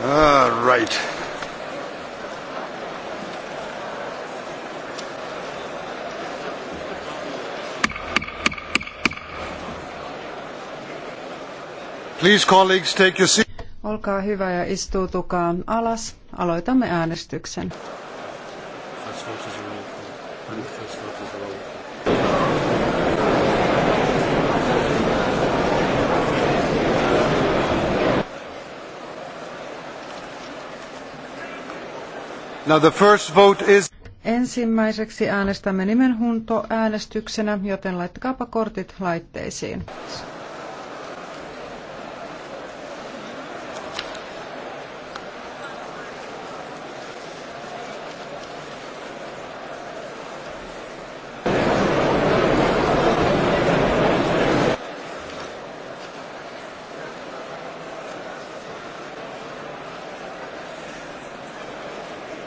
All ah, right. Please, colleagues, take your seat. Olkaa hyvä ja istuutukaa alas. Aloitamme äänestyksen. First vote is a roll call. First vote is a roll call. Now the first vote is... Ensimmäiseksi äänestämme nimenhuntoäänestyksenä, joten laittakaapa kortit laitteisiin.